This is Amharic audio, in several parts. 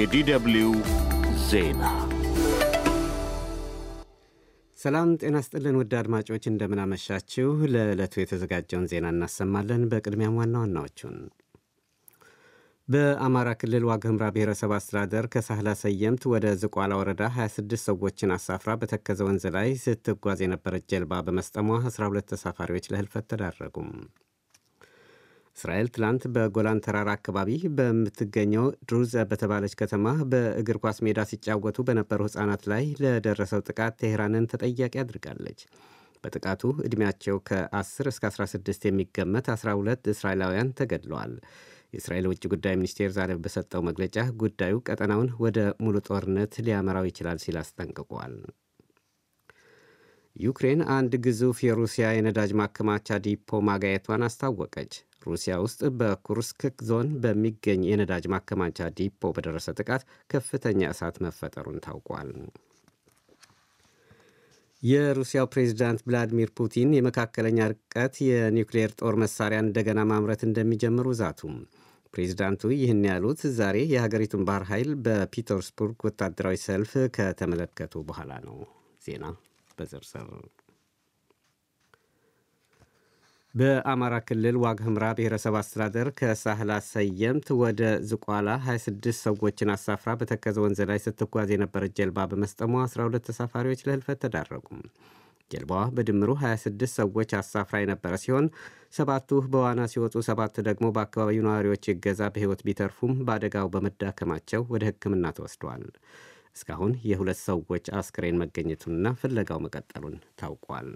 የዲደብሊው ዜና ሰላም ጤና ስጥልን። ውድ አድማጮች እንደምናመሻችሁ። ለዕለቱ የተዘጋጀውን ዜና እናሰማለን። በቅድሚያም ዋና ዋናዎቹን በአማራ ክልል ዋግ ብሔረሰብ አስተዳደር ከሳህላ ሰየምት ወደ ዝቋላ ወረዳ 26 ሰዎችን አሳፍራ በተከዘ ወንዝ ላይ ስትጓዝ የነበረች ጀልባ በመስጠሟ 12 ተሳፋሪዎች ለህልፈት ተዳረጉም። እስራኤል ትላንት በጎላን ተራራ አካባቢ በምትገኘው ድሩዝ በተባለች ከተማ በእግር ኳስ ሜዳ ሲጫወቱ በነበሩ ሕፃናት ላይ ለደረሰው ጥቃት ቴሄራንን ተጠያቂ አድርጋለች። በጥቃቱ ዕድሜያቸው ከ10 እስከ 16 የሚገመት 12 እስራኤላውያን ተገድለዋል። የእስራኤል ውጭ ጉዳይ ሚኒስቴር ዛሬ በሰጠው መግለጫ ጉዳዩ ቀጠናውን ወደ ሙሉ ጦርነት ሊያመራው ይችላል ሲል አስጠንቅቋል። ዩክሬን አንድ ግዙፍ የሩሲያ የነዳጅ ማከማቻ ዲፖ ማጋየቷን አስታወቀች። ሩሲያ ውስጥ በኩርስክ ዞን በሚገኝ የነዳጅ ማከማቻ ዲፖ በደረሰ ጥቃት ከፍተኛ እሳት መፈጠሩን ታውቋል። የሩሲያው ፕሬዚዳንት ቭላዲሚር ፑቲን የመካከለኛ ርቀት የኒውክሌር ጦር መሳሪያ እንደገና ማምረት እንደሚጀምሩ ዛቱም። ፕሬዚዳንቱ ይህን ያሉት ዛሬ የሀገሪቱን ባህር ኃይል በፒተርስቡርግ ወታደራዊ ሰልፍ ከተመለከቱ በኋላ ነው። ዜና በዝርዝር በአማራ ክልል ዋግ ህምራ ብሔረሰብ አስተዳደር ከሳህላ ሰየምት ወደ ዝቋላ 26 ሰዎችን አሳፍራ በተከዘ ወንዝ ላይ ስትጓዝ የነበረች ጀልባ በመስጠሟ 12 ተሳፋሪዎች ለህልፈት ተዳረጉ። ጀልባዋ በድምሩ 26 ሰዎች አሳፍራ የነበረ ሲሆን ሰባቱ በዋና ሲወጡ፣ ሰባት ደግሞ በአካባቢው ነዋሪዎች ይገዛ በሕይወት ቢተርፉም በአደጋው በመዳከማቸው ወደ ሕክምና ተወስደዋል። እስካሁን የሁለት ሰዎች አስክሬን መገኘቱንና ፍለጋው መቀጠሉን ታውቋል።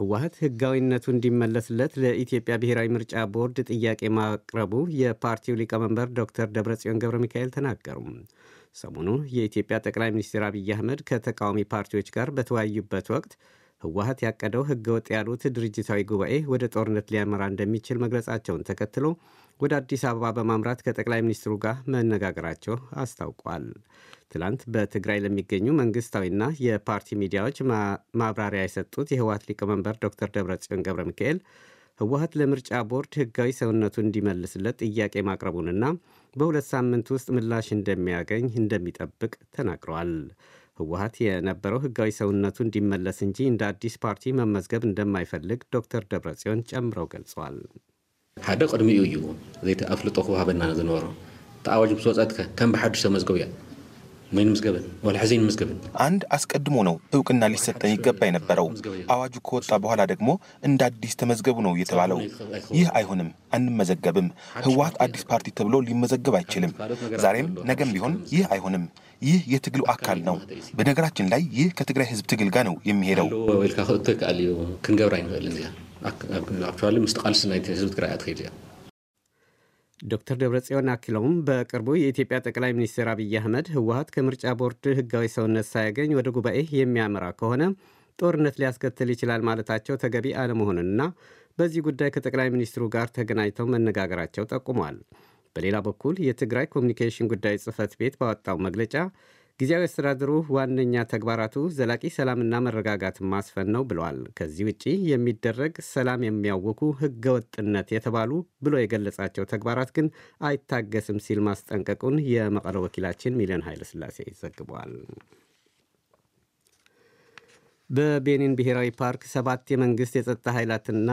ህወሀት ህጋዊነቱ እንዲመለስለት ለኢትዮጵያ ብሔራዊ ምርጫ ቦርድ ጥያቄ ማቅረቡ የፓርቲው ሊቀመንበር ዶክተር ደብረጽዮን ገብረ ሚካኤል ተናገሩ። ሰሞኑ የኢትዮጵያ ጠቅላይ ሚኒስትር አብይ አህመድ ከተቃዋሚ ፓርቲዎች ጋር በተወያዩበት ወቅት ህወሀት ያቀደው ህገወጥ ያሉት ድርጅታዊ ጉባኤ ወደ ጦርነት ሊያመራ እንደሚችል መግለጻቸውን ተከትሎ ወደ አዲስ አበባ በማምራት ከጠቅላይ ሚኒስትሩ ጋር መነጋገራቸው አስታውቋል። ትላንት በትግራይ ለሚገኙ መንግስታዊና የፓርቲ ሚዲያዎች ማብራሪያ የሰጡት የህወሀት ሊቀመንበር ዶክተር ደብረጽዮን ገብረ ሚካኤል ህወሀት ለምርጫ ቦርድ ህጋዊ ሰውነቱ እንዲመልስለት ጥያቄ ማቅረቡንና በሁለት ሳምንት ውስጥ ምላሽ እንደሚያገኝ እንደሚጠብቅ ተናግረዋል። ህወሀት የነበረው ህጋዊ ሰውነቱ እንዲመለስ እንጂ እንደ አዲስ ፓርቲ መመዝገብ እንደማይፈልግ ዶክተር ደብረጽዮን ጨምረው ገልጸዋል። ሓደ ቅድሚኡ እዩ ዘይተኣፍልጦ ክውሃበና ዝነበሮ ተኣዋጅ ምስ ወፀትከ ከም ብሓዱሽ ተመዝገቡ እያ ምዝገብን ምዝገብን አንድ አስቀድሞ ነው እውቅና ሊሰጠን ይገባ የነበረው። አዋጁ ከወጣ በኋላ ደግሞ እንደ አዲስ ተመዝገቡ ነው የተባለው። ይህ አይሆንም፣ አንመዘገብም። ህወሓት አዲስ ፓርቲ ተብሎ ሊመዘገብ አይችልም። ዛሬም ነገም ቢሆን ይህ አይሆንም። ይህ የትግሉ አካል ነው። በነገራችን ላይ ይህ ከትግራይ ህዝብ ትግል ጋር ነው የሚሄደው። ክንገብራ ይንክእል ምስ ቃልስ ናይ ህዝብ ትግራይ ዶክተር ደብረጽዮን አክለውም በቅርቡ የኢትዮጵያ ጠቅላይ ሚኒስትር አብይ አህመድ ህወሀት ከምርጫ ቦርድ ህጋዊ ሰውነት ሳያገኝ ወደ ጉባኤ የሚያመራ ከሆነ ጦርነት ሊያስከትል ይችላል ማለታቸው ተገቢ አለመሆኑንና በዚህ ጉዳይ ከጠቅላይ ሚኒስትሩ ጋር ተገናኝተው መነጋገራቸው ጠቁሟል። በሌላ በኩል የትግራይ ኮሚኒኬሽን ጉዳይ ጽህፈት ቤት ባወጣው መግለጫ ጊዜያዊ አስተዳደሩ ዋነኛ ተግባራቱ ዘላቂ ሰላምና መረጋጋት ማስፈን ነው ብለዋል። ከዚህ ውጪ የሚደረግ ሰላም የሚያውኩ ህገወጥነት የተባሉ ብሎ የገለጻቸው ተግባራት ግን አይታገስም ሲል ማስጠንቀቁን የመቀለ ወኪላችን ሚሊዮን ኃይለስላሴ ዘግቧል። በቤኒን ብሔራዊ ፓርክ ሰባት የመንግሥት የጸጥታ ኃይላትና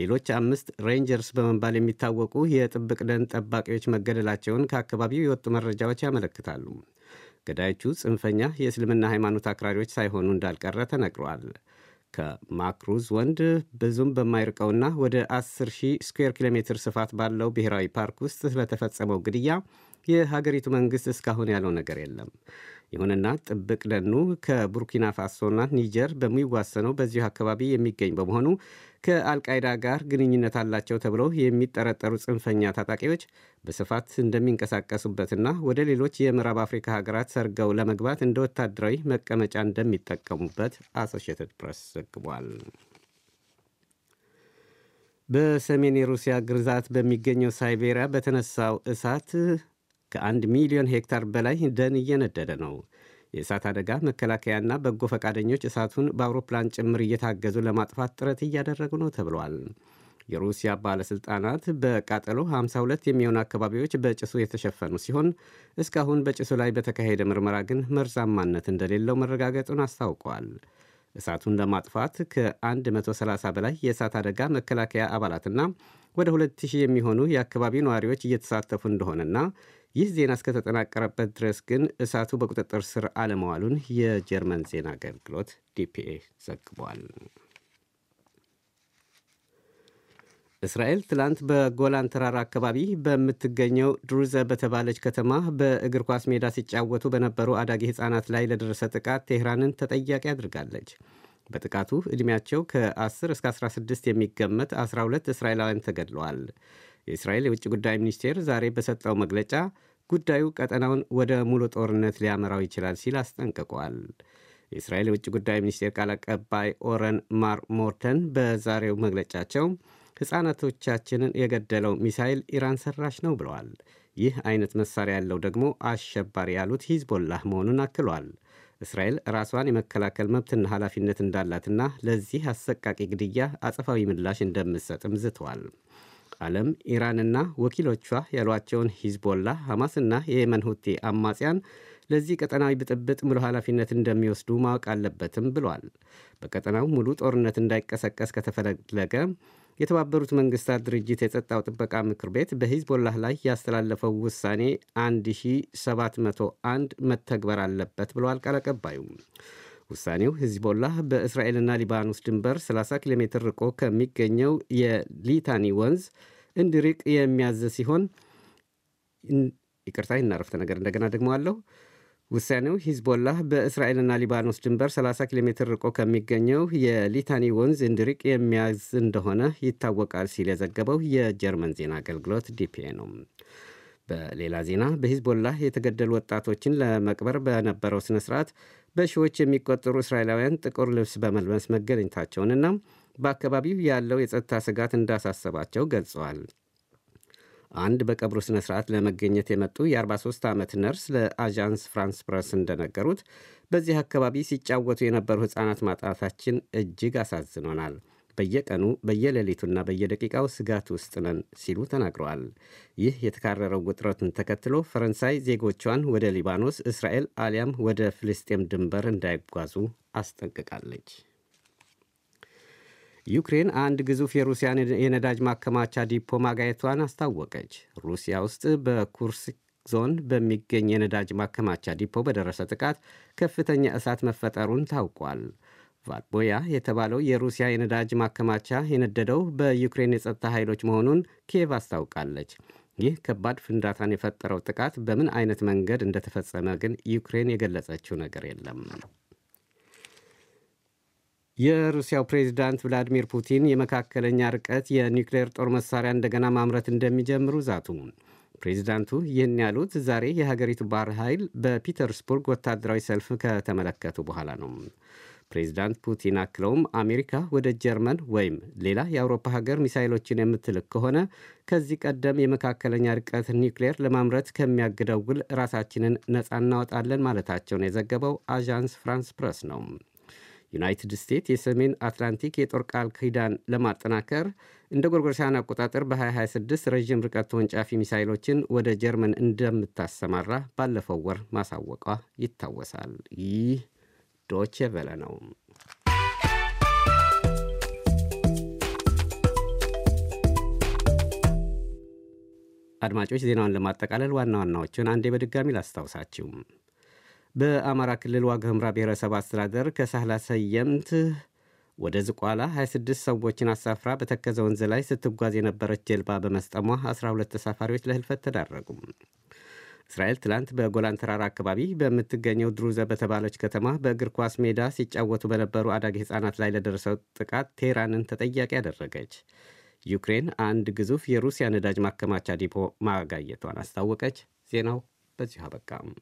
ሌሎች አምስት ሬንጀርስ በመባል የሚታወቁ የጥብቅ ደን ጠባቂዎች መገደላቸውን ከአካባቢው የወጡ መረጃዎች ያመለክታሉ። ገዳዮቹ ጽንፈኛ የእስልምና ሃይማኖት አክራሪዎች ሳይሆኑ እንዳልቀረ ተነግሯል። ከማክሩዝ ወንድ ብዙም በማይርቀውና ወደ 10 ስኩዌር ኪሎ ሜትር ስፋት ባለው ብሔራዊ ፓርክ ውስጥ ስለተፈጸመው ግድያ የሀገሪቱ መንግሥት እስካሁን ያለው ነገር የለም። ይሁንና ጥብቅ ደኑ ከቡርኪና ፋሶና ኒጀር በሚዋሰነው በዚሁ አካባቢ የሚገኝ በመሆኑ ከአልቃይዳ ጋር ግንኙነት አላቸው ተብለው የሚጠረጠሩ ጽንፈኛ ታጣቂዎች በስፋት እንደሚንቀሳቀሱበትና ወደ ሌሎች የምዕራብ አፍሪካ ሀገራት ሰርገው ለመግባት እንደ ወታደራዊ መቀመጫ እንደሚጠቀሙበት አሶሽትድ ፕሬስ ዘግቧል። በሰሜን የሩሲያ ግርዛት በሚገኘው ሳይቤሪያ በተነሳው እሳት ከአንድ ሚሊዮን ሄክታር በላይ ደን እየነደደ ነው። የእሳት አደጋ መከላከያና በጎ ፈቃደኞች እሳቱን በአውሮፕላን ጭምር እየታገዙ ለማጥፋት ጥረት እያደረጉ ነው ተብሏል። የሩሲያ ባለሥልጣናት በቃጠሎ 52 የሚሆኑ አካባቢዎች በጭሱ የተሸፈኑ ሲሆን እስካሁን በጭሱ ላይ በተካሄደ ምርመራ ግን መርዛማነት እንደሌለው መረጋገጡን አስታውቋል። እሳቱን ለማጥፋት ከ130 በላይ የእሳት አደጋ መከላከያ አባላትና ወደ 2000 የሚሆኑ የአካባቢው ነዋሪዎች እየተሳተፉ እንደሆነና ይህ ዜና እስከተጠናቀረበት ድረስ ግን እሳቱ በቁጥጥር ስር አለመዋሉን የጀርመን ዜና አገልግሎት ዲፒኤ ዘግቧል። እስራኤል ትላንት በጎላን ተራራ አካባቢ በምትገኘው ድሩዘ በተባለች ከተማ በእግር ኳስ ሜዳ ሲጫወቱ በነበሩ አዳጊ ሕፃናት ላይ ለደረሰ ጥቃት ቴህራንን ተጠያቂ አድርጋለች። በጥቃቱ ዕድሜያቸው ከ10 እስከ 16 የሚገመት 12 እስራኤላውያን ተገድለዋል። የእስራኤል የውጭ ጉዳይ ሚኒስቴር ዛሬ በሰጠው መግለጫ ጉዳዩ ቀጠናውን ወደ ሙሉ ጦርነት ሊያመራው ይችላል ሲል አስጠንቅቋል። የእስራኤል የውጭ ጉዳይ ሚኒስቴር ቃል አቀባይ ኦረን ማር ሞርተን በዛሬው መግለጫቸው ሕፃናቶቻችንን የገደለው ሚሳይል ኢራን ሰራሽ ነው ብለዋል። ይህ አይነት መሳሪያ ያለው ደግሞ አሸባሪ ያሉት ሂዝቦላህ መሆኑን አክሏል። እስራኤል ራሷን የመከላከል መብትና ኃላፊነት እንዳላትና ለዚህ አሰቃቂ ግድያ አጸፋዊ ምላሽ እንደምትሰጥም ዝተዋል። ዓለም ኢራንና ወኪሎቿ ያሏቸውን ሂዝቦላ፣ ሐማስና የየመን ሁቲ አማጽያን ለዚህ ቀጠናዊ ብጥብጥ ሙሉ ኃላፊነት እንደሚወስዱ ማወቅ አለበትም ብሏል። በቀጠናው ሙሉ ጦርነት እንዳይቀሰቀስ ከተፈለገ የተባበሩት መንግስታት ድርጅት የጸጥታው ጥበቃ ምክር ቤት በሂዝቦላህ ላይ ያስተላለፈው ውሳኔ 1701 መተግበር አለበት ብለዋል ቃል አቀባዩ። ውሳኔው ሂዝቦላህ በእስራኤልና ሊባኖስ ድንበር 30 ኪሎ ሜትር ርቆ ከሚገኘው የሊታኒ ወንዝ እንዲርቅ የሚያዘ ሲሆን ይቅርታ፣ ይናረፍተ ነገር እንደገና ደግመዋለሁ። ውሳኔው ሂዝቦላህ በእስራኤልና ሊባኖስ ድንበር 30 ኪሎ ሜትር ርቆ ከሚገኘው የሊታኒ ወንዝ እንዲርቅ የሚያዝ እንደሆነ ይታወቃል ሲል የዘገበው የጀርመን ዜና አገልግሎት ዲፒኤ ነው። በሌላ ዜና በሂዝቦላህ የተገደሉ ወጣቶችን ለመቅበር በነበረው ስነ ስርዓት በሺዎች የሚቆጠሩ እስራኤላውያን ጥቁር ልብስ በመልበስ መገኘታቸውንና በአካባቢው ያለው የጸጥታ ስጋት እንዳሳሰባቸው ገልጸዋል። አንድ በቀብሩ ስነ ስርዓት ለመገኘት የመጡ የ43 ዓመት ነርስ ለአዣንስ ፍራንስ ፕረስ እንደነገሩት በዚህ አካባቢ ሲጫወቱ የነበሩ ሕፃናት ማጣታችን እጅግ አሳዝኖናል። በየቀኑ በየሌሊቱና በየደቂቃው ስጋት ውስጥ ነን ሲሉ ተናግረዋል። ይህ የተካረረው ውጥረትን ተከትሎ ፈረንሳይ ዜጎቿን ወደ ሊባኖስ፣ እስራኤል አሊያም ወደ ፍልስጤም ድንበር እንዳይጓዙ አስጠንቅቃለች። ዩክሬን አንድ ግዙፍ የሩሲያን የነዳጅ ማከማቻ ዲፖ ማጋየቷን አስታወቀች። ሩሲያ ውስጥ በኩርስክ ዞን በሚገኝ የነዳጅ ማከማቻ ዲፖ በደረሰ ጥቃት ከፍተኛ እሳት መፈጠሩን ታውቋል። ቫትቦያ የተባለው የሩሲያ የነዳጅ ማከማቻ የነደደው በዩክሬን የጸጥታ ኃይሎች መሆኑን ኪየቭ አስታውቃለች። ይህ ከባድ ፍንዳታን የፈጠረው ጥቃት በምን አይነት መንገድ እንደተፈጸመ ግን ዩክሬን የገለጸችው ነገር የለም። የሩሲያው ፕሬዚዳንት ቭላዲሚር ፑቲን የመካከለኛ ርቀት የኒውክሌር ጦር መሳሪያ እንደገና ማምረት እንደሚጀምሩ ዛቱ። ፕሬዚዳንቱ ይህን ያሉት ዛሬ የሀገሪቱ ባህር ኃይል በፒተርስቡርግ ወታደራዊ ሰልፍ ከተመለከቱ በኋላ ነው። ፕሬዚዳንት ፑቲን አክለውም አሜሪካ ወደ ጀርመን ወይም ሌላ የአውሮፓ ሀገር ሚሳይሎችን የምትልክ ከሆነ ከዚህ ቀደም የመካከለኛ ርቀት ኒውክሌር ለማምረት ከሚያግደው ውል ራሳችንን ነፃ እናወጣለን ማለታቸውን የዘገበው አዣንስ ፍራንስ ፕረስ ነው። ዩናይትድ ስቴትስ የሰሜን አትላንቲክ የጦር ቃል ኪዳን ለማጠናከር እንደ ጎርጎርሳን አቆጣጠር በ2026 ረዥም ርቀት ተወንጫፊ ሚሳይሎችን ወደ ጀርመን እንደምታሰማራ ባለፈው ወር ማሳወቋ ይታወሳል። ይህ ዶቼ ቬለ ነው። አድማጮች ዜናውን ለማጠቃለል ዋና ዋናዎቹን አንዴ በድጋሚ ላስታውሳችሁ። በአማራ ክልል ዋግ ኽምራ ብሔረሰብ አስተዳደር ከሳህላ ሰየምት ወደ ዝቋላ 26 ሰዎችን አሳፍራ በተከዘ ወንዝ ላይ ስትጓዝ የነበረች ጀልባ በመስጠሟ 12 ተሳፋሪዎች ለህልፈት ተዳረጉም። እስራኤል ትላንት በጎላን ተራራ አካባቢ በምትገኘው ድሩዘ በተባለች ከተማ በእግር ኳስ ሜዳ ሲጫወቱ በነበሩ አዳጊ ሕፃናት ላይ ለደረሰው ጥቃት ቴህራንን ተጠያቂ አደረገች። ዩክሬን አንድ ግዙፍ የሩሲያ ነዳጅ ማከማቻ ዲፖ ማጋየቷን አስታወቀች። ዜናው በዚሁ አበቃም።